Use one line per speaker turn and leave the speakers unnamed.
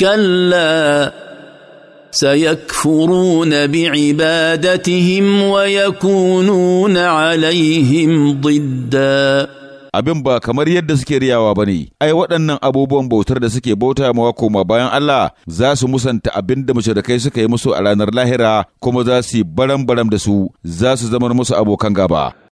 كلا سيكفرون بعبادتهم
ويكونون عليهم ضدًا abin ba kamar yadda suke riyawa ba ne, ai waɗannan abubuwan bautar da suke bauta mawa koma bayan Allah za su musanta abin da mushrikai suka yi musu a ranar lahira kuma za su yi baram-baram da su za su zamar musu abokan gaba.